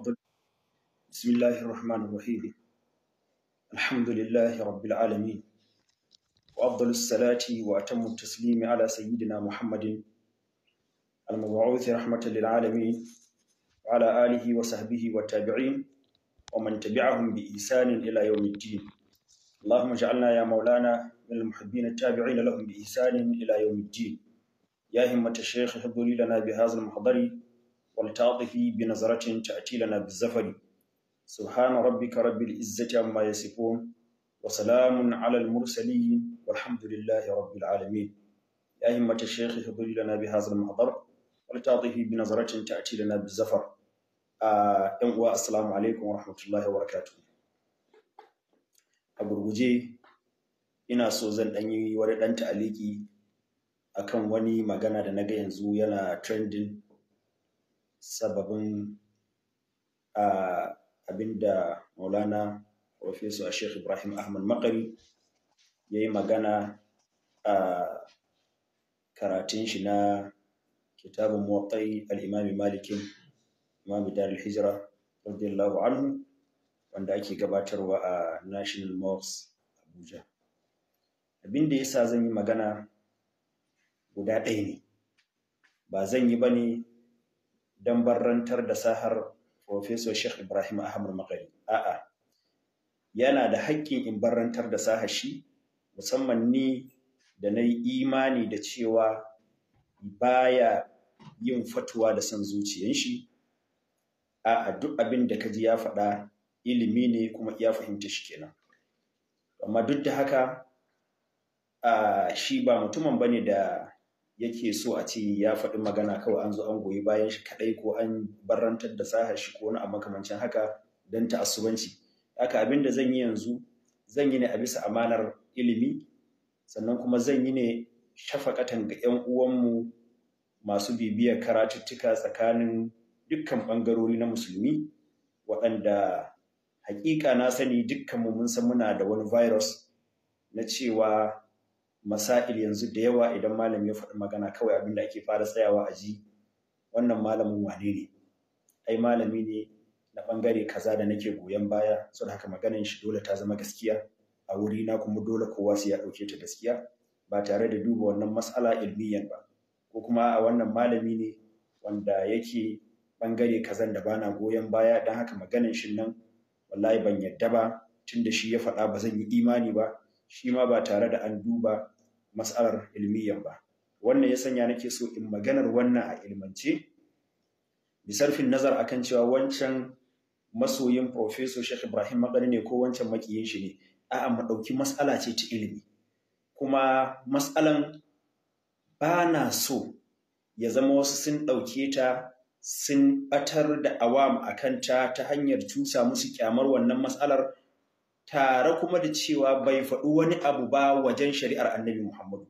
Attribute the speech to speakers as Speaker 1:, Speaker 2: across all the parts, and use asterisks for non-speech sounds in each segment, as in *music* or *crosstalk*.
Speaker 1: أفضل بسم الله الرحمن الرحيم الحمد لله رب العالمين وأفضل الصلاة وأتم التسليم على سيدنا محمد المبعوث رحمة للعالمين وعلى آله وصحبه والتابعين ومن تبعهم بإحسان إلى يوم الدين اللهم اجعلنا يا مولانا من المحبين التابعين لهم بإحسان إلى يوم الدين يا همة الشيخ حضري لنا بهذا المحضر والتعطف بنظرة تعتيلنا بالزفر سبحان ربك رب العزة عما يصفون وسلام على المرسلين والحمد لله رب العالمين يا همة الشيخ حضر لنا بهذا المحضر والتعطف بنظرة تعتيلنا بالزفر آه السلام عليكم ورحمة الله وبركاته a gurguje ina so zan ɗan yi wani ɗan ta'aliki akan wani magana da na ga yanzu yana trending sababin abinda maulana a sheikh ibrahim ahmad makari ya yi magana a karatun shi na kitabun muwaƙai al'imami malikin imami al hijira radiyallahu anhu wanda ake gabatarwa a national mosque abuja Abinda da sa zan yi magana guda ɗaya ne ba zan yi ba ne don barrantar da sahar Profesor Sheikh Ibrahim Ahmad Magari. A'a, yana da haƙƙin in barrantar da sahar shi, musamman ni da na yi imani da cewa baya yin fatuwa da son zuciyan shi. A'a, duk abin da kaji ya faɗa ilimi ne kuma ya fahimta shi kenan. Amma duk da haka, shi ba mutumin bane da yake so a ce ya faɗi magana kawai an zo an goyi bayan shi kaɗai ko an barantar da sahar shi ko wani a makamancin haka don ta'assubanci haka abin da zan yi yanzu zan yi ne a bisa amanar ilimi sannan kuma zan yi ne shafakatan ga 'yan uwanmu masu bibiyar karatuttuka tsakanin dukkan ɓangarori na musulmi waɗanda hakika na sani dukkanmu mun san muna da wani virus na cewa masail yanzu da yawa idan malami ya faɗi magana kawai abin da ake fara tsayawa a ji wannan malamin wane ne ai malami ne na ɓangare kaza da nake goyon baya so da haka maganin shi dole ta zama gaskiya a wuri na kuma dole kowa su ya ɗauke ta gaskiya ba tare da duba wannan matsala ilmiyan ba ko kuma a wannan malami ne wanda yake ɓangare kazan da bana goyon baya don haka maganin shi nan wallahi ban yadda ba tun da shi ya faɗa ba zan yi imani ba shi ma ba tare da an duba mas'alar ilmiyyan ba wannan ya sanya nake so in maganar wannan a ilmance sarfin nazar akan cewa wancan masoyin professor Sheikh Ibrahim Magani ne ko wancan makiyin shi ne a'a mu ɗauki mas'ala ce ta ilimi kuma mas'alan ba na so ya zama wasu sun ɗauke ta sun ɓatar da awam a ta ta hanyar cusa musu kyamar wannan matsalar tare kuma da cewa bai faɗi wani abu ba wajen shari'ar annabi Muhammadu.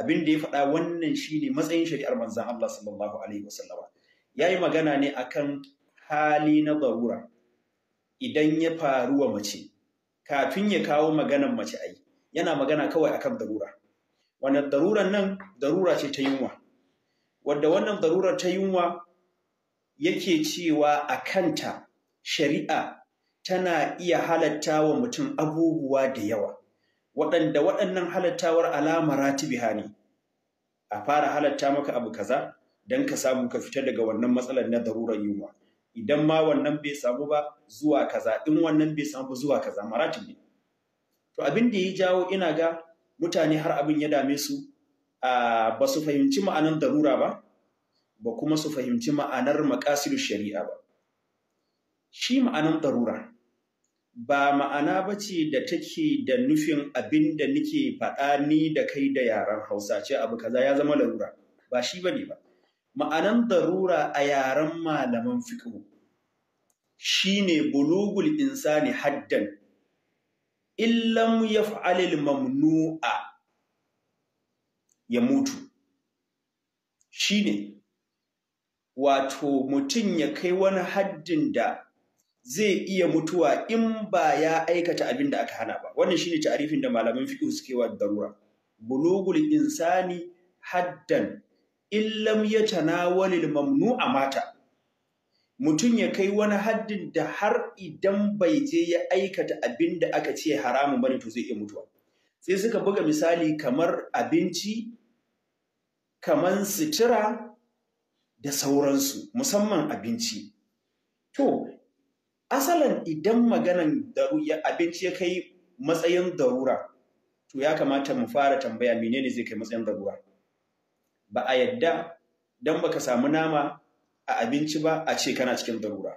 Speaker 1: Abin da ya faɗa wannan shi ne matsayin shari'ar manzan Allah sallallahu Alaihi wasallama. Ya yi magana ne akan hali na barura idan ya faru wa mace, kafin ya kawo maganan mace ai, yana magana kawai akan darura. Wannan daruran nan darura ce ta yunwa, wadda wannan darurar ta yunwa yake cewa a kanta shari'a tana iya halatta wa mutum abubuwa da yawa, waɗanda waɗannan halattawar alama ha ne, a fara halatta maka abu kaza don ka samu ka fita daga wannan matsalar na darurar yunwa. Idan ma wannan bai samu ba zuwa kaza, in wannan bai samu ba zuwa kaza maratib ne. To abin da ya jawo ina ga mutane har abin ya dame su ba su fahimci ma'anar darura ba, ba kuma su fahimci ma'anar makasidu shari'a ba. Shi ma'anar darura ba ma'ana ba ce da take da nufin abin da nake faɗa ni da kai da yaren Hausa ce abu kaza ya zama larura ba shi ba ne ba ma'anan darura a yaren malaman shi shine bulugul insani haddan illam yaf'alil mamnu'a ya mutu Shi ne, wato mutum ya kai wani haddin da zai iya mutuwa in ba ya aikata abin da aka hana ba wannan shi ne ta'arifin da malaman fi'u suke wa darura bulugul insani haddan in ya wani al a mata mutum ya kai wani haddin da har idan bai je ya aikata abin da aka ce haramun bane to zai iya mutuwa sai suka buga misali kamar abinci kamar sitira, da sauransu musamman abinci to asalan idan maganan abinci ya kai matsayin darura to ya kamata mu fara tambaya menene zai kai matsayin darura ba a yadda don baka samu nama a abinci ba a ce kana cikin darura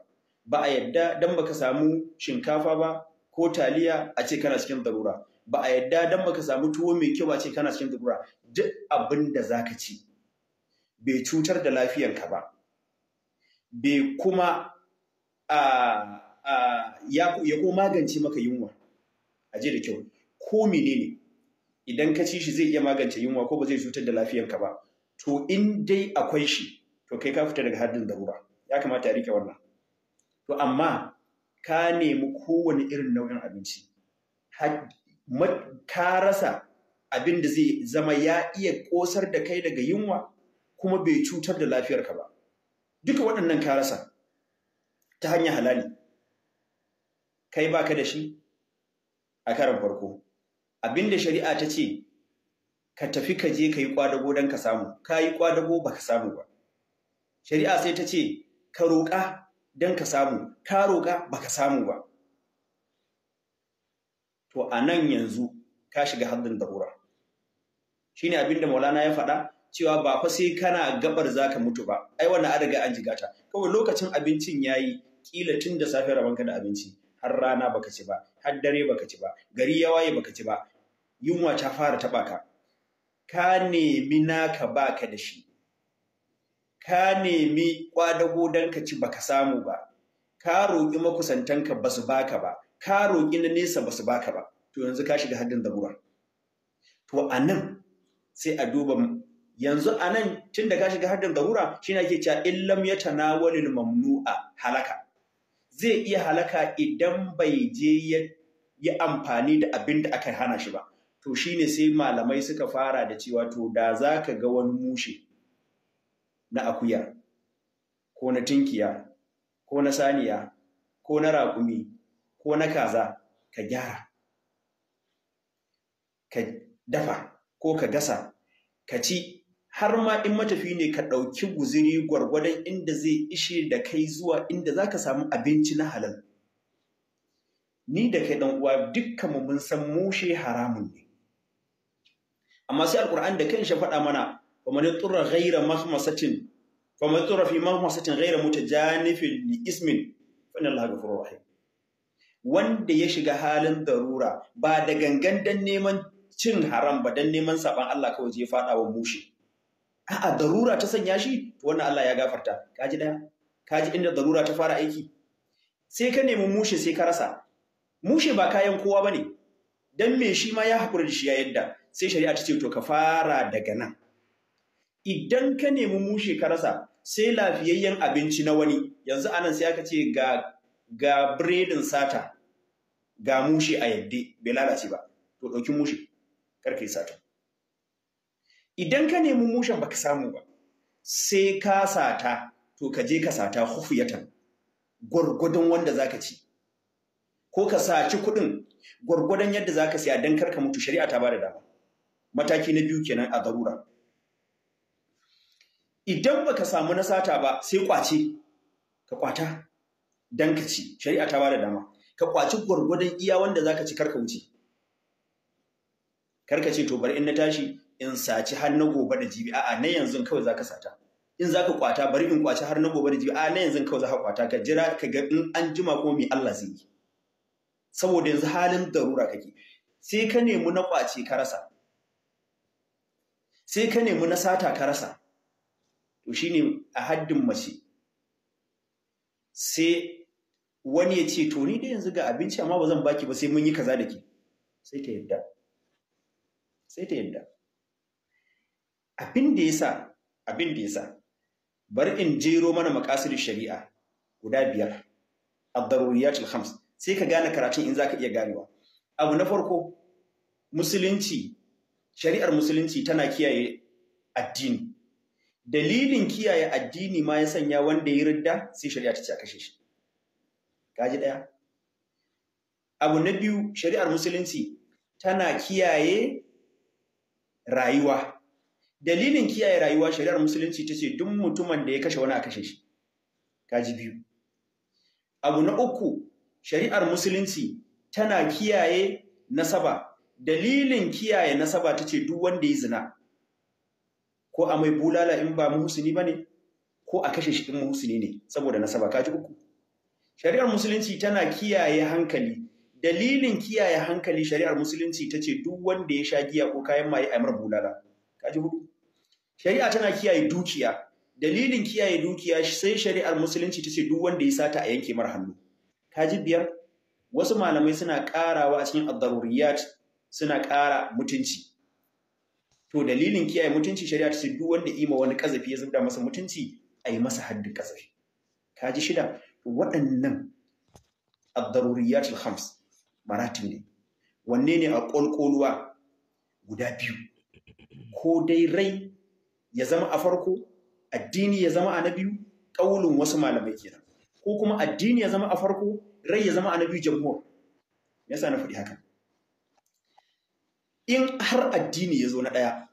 Speaker 1: ba a yadda don baka samu shinkafa ba ko taliya a ce kana cikin darura ba a yadda don baka samu tuwo mai kyau a ce kana cikin darura duk abin da ka ci bai cutar da lafiyarka ba bai kuma a ah, ya ko magance maka yunwa a da kyau ko menene idan ka ci shi zai iya magance yunwa ko ba zai cutar da ka ba to in dai akwai shi to kai ka fita daga haddin darura ya kamata a rike wannan to amma ka nemi kowane irin nau'in abinci ka rasa abin da zai zama ya iya kosar da kai daga yunwa kuma bai cutar da lafiyarka ba duka waɗannan ka rasa ta hanyar halali kai baka da shi a karan farko abinda shari'a ta ce ka tafi ka je ka yi kwadago don ka samu ka yi kwadago ba samu ba shari'a sai ta ce ka roƙa don ka samu ka roƙa ba samu ba to a nan yanzu ka shiga haddin darura shine abinda maulana ya faɗa cewa ba fa sai kana gabar za ka mutu ba ai wannan an riga an jigata kawai lokacin abincin ya yi ƙila tun da safiyar rabanka da abinci har rana baka ci ba har dare baka ci ba gari ya waye baka ci ba yunwa ta fara taɓa ka ka nemi naka baka da shi ka nemi kwadago dan ka ci baka samu ba ka roƙi makusantanka ba su baka ba ka roƙi na nesa ba su baka ba to yanzu ka shiga haddin zabura to a nan sai a duba yanzu a nan tun da ka shiga haddin zarura shi ne ake cewa illam ya mamnu'a halaka zai iya halaka idan bai je ya amfani da abin da aka hana shi ba to shi ne sai malamai suka fara da cewa to da za ka ga wani mushe na akuya ko na tinkiya ko na saniya ko na rakumi ko na kaza ka gyara ka dafa ko ka gasa ka ci har ma in matafi ne ka ɗauki guziri gwargwadon inda zai ishe da kai zuwa inda za ka samu abinci na halal ni da kai ɗan uwa dukkan mu mun san mushe haramun ne amma sai al'ƙur'an da kan shi faɗa mana wa man turra ghayra mahmasatin ba man turra fi mahmasatin ghayra mutajanifin ni ismin fa Allah ga ghafurur wanda ya shiga halin darura ba da gangan dan neman cin haram ba dan neman saɓan Allah kawai ya faɗa wa mushe a'a darura ta sanya shi to wannan Allah ya gafarta kaji da kaji inda darura ta fara aiki sai ka nemi mushe sai ka rasa mushe ba kayan kowa bane dan me shi ma ya hakura da shi ya yadda sai shari'a ta ce to ka fara daga nan idan ka nemi mushe ka rasa sai lafiyayyen abinci na wani yanzu anan sai aka ce ga ga biredin sata ga mushe a yadda bai lalace ba to dauki mushe karkai sata idan ka nemi mushen baka samu ba sai ka sata to ka je ka sata hufiyatan gwargwadon wanda zaka ci ko ka saci kuɗin gwargwadon yadda zaka siya dan karka mutu shari'a ta bada dama mataki na biyu kenan a garura idan baka samu na sata ba sai kwace ka kwata dan ka ci shari'a ta bada dama ka kwaci gwargwadon iya wanda zaka ci karka wuce karka ce to bari in na tashi in saci har na gobe da jibi a'a na yanzu kawai zaka sata in zaka kwata bari in kwaci har na gobe da jibi a'a na yanzu kawai zaka kwata ka jira ka ga in an jima ko me Allah zai yi saboda yanzu halin darura kake sai ka nemi na kwace ka rasa sai ka nemi na sata ka rasa to shine a haddin mace sai wani ya ce to ni da yanzu ga abinci amma ba zan baki ba sai mun yi kaza da ke sai ta yadda sai ta yadda abin da yasa abin da yasa bar in jero mana maqasid shari'a guda biyar ad-daruriyat al-khams sai ka gane karatun in zaka iya ganewa abu na farko musulunci shari'ar musulunci tana kiyaye addini dalilin kiyaye addini ma ya sanya wanda ya ridda sai shari'a ta ce a kashe shi gaji daya abu na biyu shari'ar musulunci tana kiyaye rayuwa dalilin kiyaye rayuwa shari'ar musulunci ta ce duk mutumin da ya kashe wani a kashe shi kaji biyu abu na uku shari'ar musulunci tana kiyaye nasaba dalilin kiyaye nasaba ta ce duk wanda ya zina ko a mai bulala in ba muhusini ba ne ko a kashe shi in muhusini ne saboda nasaba kaji uku shari'ar musulunci tana kiyaye hankali dalilin kiyaye hankali shari'ar musulunci ta ce duk wanda ya sha giya ko kayan maye a mara bulala kaji hudu shari'a tana kiyaye dukiya dalilin kiyaye dukiya sai shari'ar musulunci ta ce duk wanda ya sata a yanke mar hannu kaji biyar wasu malamai suna karawa a cikin ad suna ƙara mutunci to dalilin kiyaye mutunci shari'a ta ce duk wanda ima wani kazafi ya zubda masa mutunci a yi masa haddin kazafi kaji shida waɗannan ad-daruriyat al-khams maratin ne wanne ne a ƙolƙoluwa guda biyu ko dai rai ya zama a farko addini ya zama a na biyu ƙaulun wasu malamai kenan ko kuma addini ya zama a farko rai ya zama a na biyu jamhur ya sa na faɗi haka in har addini ya zo na ɗaya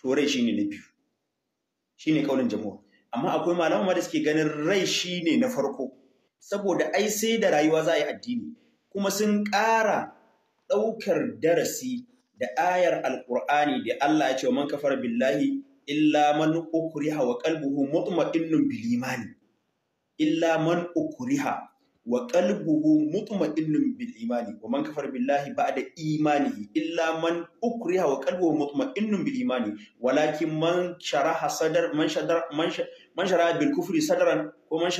Speaker 1: to rai shine na biyu shine ƙaulun jamhur amma akwai malaman ma da suke ganin rai shi ne na farko saboda ai sai da rayuwa za a yi addini kuma sun ƙara ɗaukar darasi da ayar alqur'ani da Allah ya ce wa man kafara billahi illa man ukriha wa qalbuhu mutma'innun bil imani illa man ukriha wa qalbuhu mutma'innun bil imani wa man kafara billahi ba'da imanihi illa man ukriha wa qalbuhu mutma'innun bil imani walakin man sharaha sadar man shadar man man sharaha bil kufri sadran ko man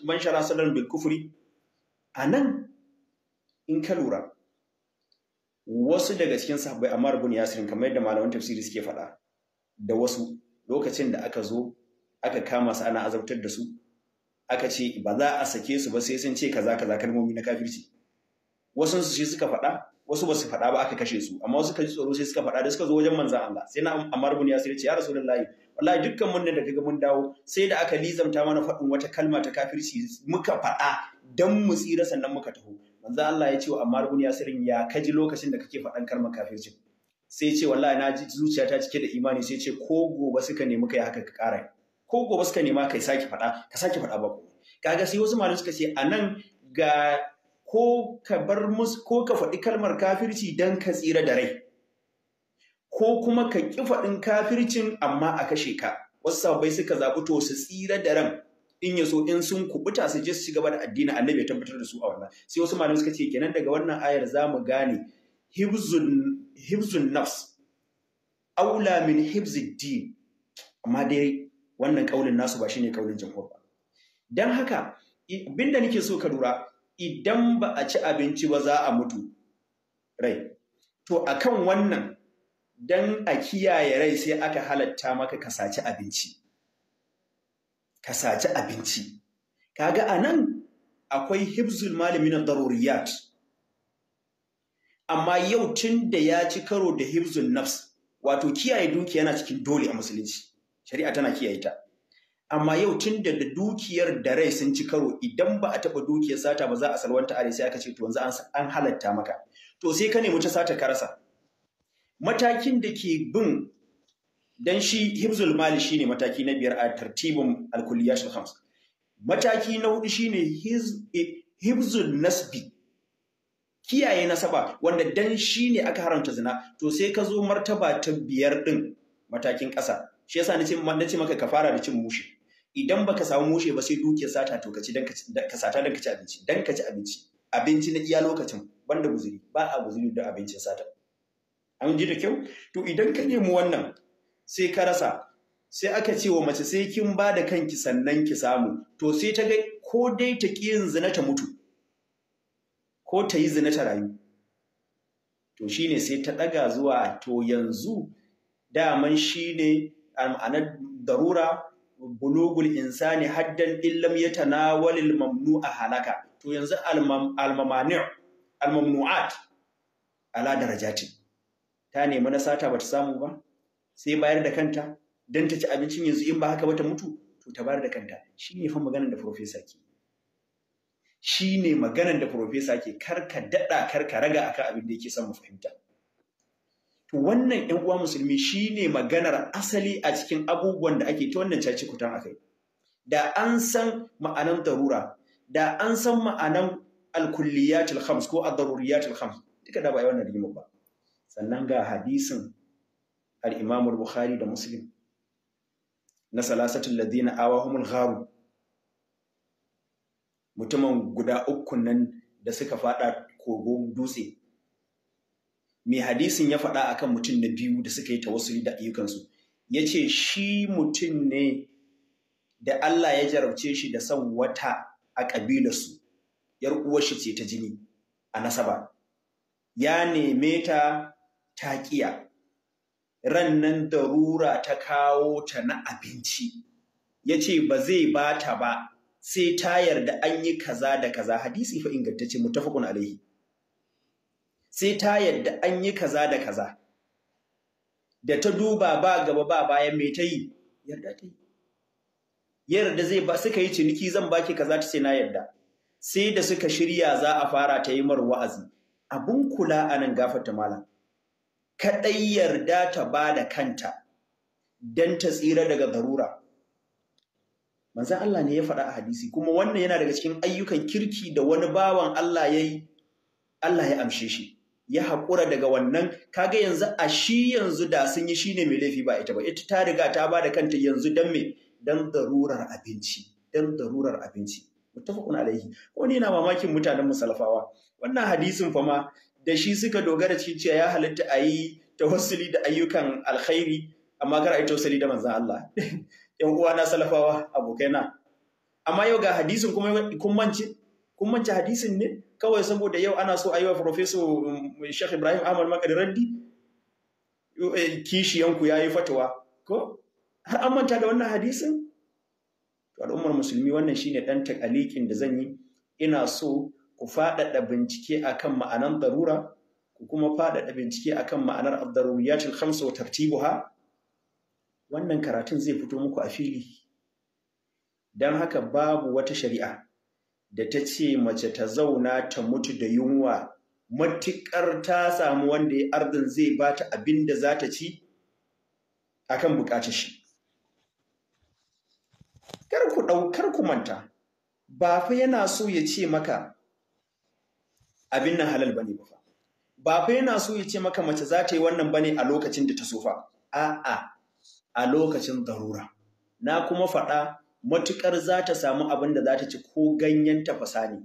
Speaker 1: man sharaha sadran bil kufri anan in ka lura wasu daga cikin sahabbai amma ibn yasirin kamar yadda malaman tafsiri suke faɗa da wasu lokacin da aka zo aka kama su ana azabtar da su aka ce ba za a sake su ba sai sun ce kaza kaza kalmomi na kafirci wasu su shi suka faɗa wasu ba su faɗa ba aka kashe su amma wasu kaji tsoro sai suka faɗa da suka zo wajen manzan Allah sai na Ammar ibn Yasir ce ya Rasulullahi wallahi dukkan mun da kaga mun dawo sai da aka lizamta mana faɗin wata kalma ta kafirci muka faɗa dan mu tsira sannan muka taho manzo Allah ya ce wa Ammar ibn Yasirin ya kaji lokacin da kake faɗan kalmar kafirci sai ce wallahi na ji zuciyata cike da imani sai ce ko gobe suka nemi kai haka ka ƙara ko gobe suka nema kai sake faɗa ka sake faɗa ba kaga sai wasu malamai suka ce anan ga ko ka bar musu ko ka faɗi kalmar kafirci dan ka tsira da rai ko kuma ka ƙi faɗin kafircin amma a kashe ka wasu sabbai suka zaɓi to su tsira da ran in ya so in sun kubuta su je su ci gaba da addini annabi ya tabbatar da su a wannan sai wasu malamai suka ce kenan daga wannan ayar za mu gane hibzun nafs aula min hibzid din amma dai wannan kaulin nasu ba shine kaulin jamhur ba dan haka abinda nake so ka lura idan ba a ci abinci ba za a mutu rai to akan wannan dan a kiyaye rai sai aka halatta maka ka saci abinci ka saci abinci kaga a nan akwai hibzul malami na daruriyat amma yau tun da ya ci karo da hibzul nafs wato kiyaye dukiya yana cikin dole a musulunci shari'a tana kiyaye ta amma yau tun da dukiyar da rai sun ci karo idan ba a taɓa dukiyar sata ba za a salwanta a sai aka ce to yanzu an halatta maka to sai ka nemi ta sata ka rasa matakin da ke bin dan shi hibzul mali shine mataki na biyar a tartibin alkulliyat al mataki na hudu shine hibzul nasbi kiyaye nasaba wanda dan shine aka haramta zina to sai ka zo martaba ta biyar din matakin ƙasa shi yasa nace nace maka ka fara da cin mushe idan baka samu mushe ba sai duke sata to ka ci dan ka sata dan ka ci abinci dan ka abinci abinci na iya lokacin banda guzuri ba a guzuri da abincin sata an ji da kyau to idan ka nemi wannan sai ka rasa sai aka ce wa mace sai kin ba da kanki sannan ki samu to sai ta ga ko dai ta ki yin zina ta mutu ko ta yi zina ta rayu to shine sai ta ɗaga zuwa to yanzu daman shine ma'ana darura bulugul insani haddan illam yatanawalil mamnu'a halaka to yanzu almamani almamnu'at ala darajati ta nemi na sata ta samu ba sai bayar da kanta don ta ci abincin yanzu in ba haka ba ta mutu to ta bayar da kanta shi ne fa maganar da profesa ke shi ne maganar da profesa ke karka daɗa karka raga akan abin da yake son fahimta to wannan 'yan uwa musulmi shi ne maganar asali a cikin abubuwan da ake ta wannan caci kutan akai da an san ma'anan darura da an san ma'anan alkulliyatul khams ko ad-daruriyatul khams duka da ba wannan rigimar ba sannan ga hadisin al-Imam Buhari bukhari da Muslim na salasatul ladina awahumul haru. mutumin guda uku nan da suka fada kogon dutse mai hadisin ya faɗa akan mutum na biyu da suka yi wasu da ayyukansu ya ce shi mutum ne da Allah ya jarabce shi da san wata a ƙabilarsu ‘yar shi ce ta jini a nasaba ya neme ta taƙiya rannan darura ta kawo ta na abinci ya ce ba zai ba ta ba sai ta yarda an yi kaza da kaza hadisi fa ingantacce mutafakun alaihi sai ta yarda an yi kaza da kaza da ta duba ba gaba ba bayan mai ta yi yarda ta yi yarda zai ba suka yi ciniki zan baki kaza ta ce na yarda sai da suka shirya za a fara ta yi mar wa'azi abun kula a nan gafarta malam kaɗai yarda ta ba da kanta don ta tsira daga garura. Manzan Allah ne ya faɗa a hadisi, kuma wannan yana daga cikin ayyukan kirki da wani bawan Allah ya yi, Allah ya amshe shi, ya haƙura daga wannan, kaga yanzu a shi yanzu da sun yi shi ne mai laifi ba ita ba, ita ta riga ta ba da kanta yanzu don me, don darurar abinci, don darurar abinci. Mutafakun alaihi, wani yana mamakin mutanen musalafawa, wannan hadisin fama da shi suka dogara cikin cewa ya halitta a yi tawassuli da ayyukan alkhairi amma kar a yi tawassuli da manzan Allah *laughs* yan uwa na salafawa abokaina amma yau ga hadisin kuma kun mance kun hadisin ne kawai saboda yau ana so a yi wa professor um, Sheikh Ibrahim Ahmad Makari Raddi eh, kishiyanku ya yi fatawa ko har an manta da wannan hadisin to al'ummar musulmi wannan shi ne ɗan takalikin da zan yi ina so ku faɗaɗa bincike a kan ma'anar darura ku kuma faɗaɗa bincike a kan ma'anar ad-daruriyatil hamsa wa tartibuha wannan karatun zai fito muku a fili don haka babu wata shari'a da ta ce mace ta zauna ta mutu da yunwa matuƙar ta samu wanda ya ardin zai ba ta abin da za ta ci a kan buƙatar shi kar ku manta ba fa yana so ya ce maka abin nan halal bane ba fa ba fa yana so ya ce maka mace za ta yi wannan bane a lokacin da ta so fa a'a a lokacin darura na kuma faɗa matukar za ta samu abin da za ta ci ko ganyen tafasa ne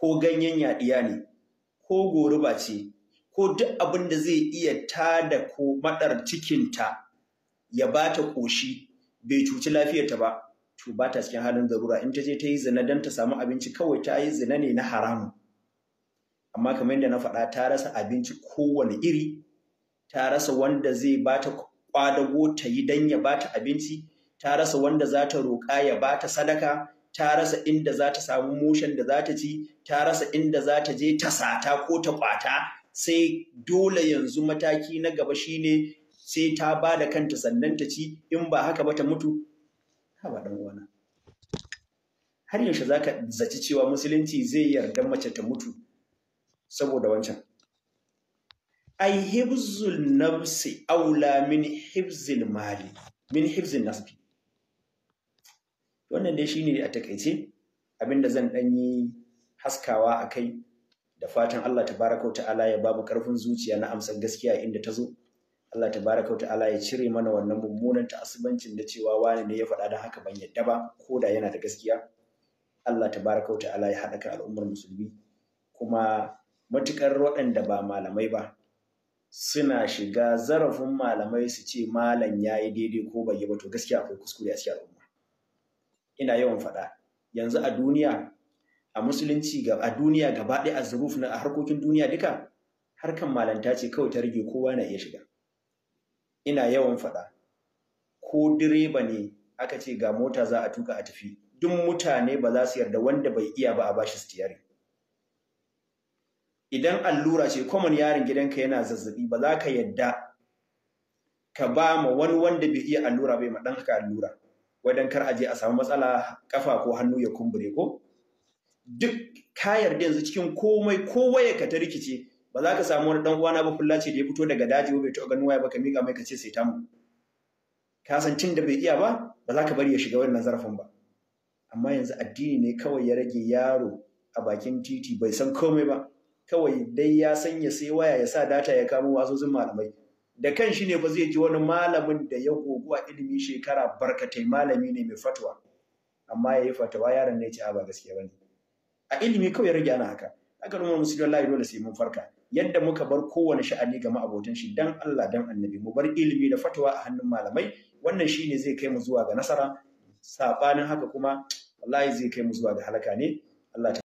Speaker 1: ko ganyen yaɗiya ne ko goruba ce ko duk abin da zai iya tada ko maɗar cikinta ya ba ta ƙoshi bai cuci lafiyarta ba to ba ta cikin halin zarura in ta je ta yi zina don ta samu abinci kawai ta yi zina ne na haramu amma kamar yadda na faɗa ta rasa abinci kowane iri ta rasa wanda zai bata kwadago ta yi dan ya bata abinci ta rasa wanda za ta roƙa ya bata sadaka ta rasa inda za ta samu mushen da za ta ci ta rasa inda za ta je ta sata ko ta kwata sai dole yanzu mataki na gaba shine sai ta ba da kanta sannan ta ci in ba haka ba ta mutu haba dan uwana har yaushe zaka zaci cewa musulunci zai yarda mace ta mutu saboda wancan ai hibzul nafsi aula min hibzul mali min hibzin nafsi. wannan dai shi ne a takaice abinda zan ɗan yi haskawa a kai. da fatan Allah tabaraka ta'ala ya babu ƙarfin zuciya na amsar gaskiya inda ta zo Allah tabaraka ta'ala ya cire mana wannan mummunan ta'assubancin da cewa wani ne ya faɗa don haka ban yadda ba ko da yana da gaskiya Allah tabaraka ta'ala ya haɗa kan al'ummar musulmi kuma matukar waɗanda ba malamai ba suna shiga zarafin malamai su ce malam ya yi daidai ko bai yi ba to gaskiya akwai kuskure a cikin al'umma ina yawan faɗa yanzu a duniya a musulunci a duniya gaba ɗaya a zuruf na a harkokin duniya duka harkan malanta ce kawai ta rage kowa na iya shiga ina yawan faɗa ko direba ne aka ce ga mota za a tuka a tafi duk mutane ba za su yarda wanda bai iya ba a bashi stiyari idan allura ce kwamon yaron gidanka yana zazzabi ba za ka yadda ka ba ma wani wanda bai iya allura bai ma ɗanka allura wadan kar a je a samu matsala kafa ko hannu ya kumbure ko duk ka yarda yanzu cikin komai ko waya ka ta rikice ba za ka samu wani dan uwana ba fulla ce da ya fito daga daji bai taɓa ganin waya ba ka miƙa mai ka ce sai ta mu. ka san tun da bai iya ba ba za ka bari ya shiga wannan zarafin ba amma yanzu addini ne kawai ya rage yaro a bakin titi bai san komai ba kawai dai ya sanya sai waya ya sa data ya kamo wasozin malamai da kan shi ne ba zai ji wani malamin da ya gogu a ilimi shekara barkatai malami ne mai fatwa amma ya yi fatawa yaron ne ci a ba gaskiya ba ne a ilimi kawai rage ana haka Aka nuna musu don layi dole sai mun farka yadda muka bar kowane sha'ani ga ma'abotan shi dan Allah dan annabi mu bar ilimi da fatawa a hannun malamai wannan shine zai kai mu zuwa ga nasara sabanin haka kuma wallahi zai kai mu zuwa ga halaka ne Allah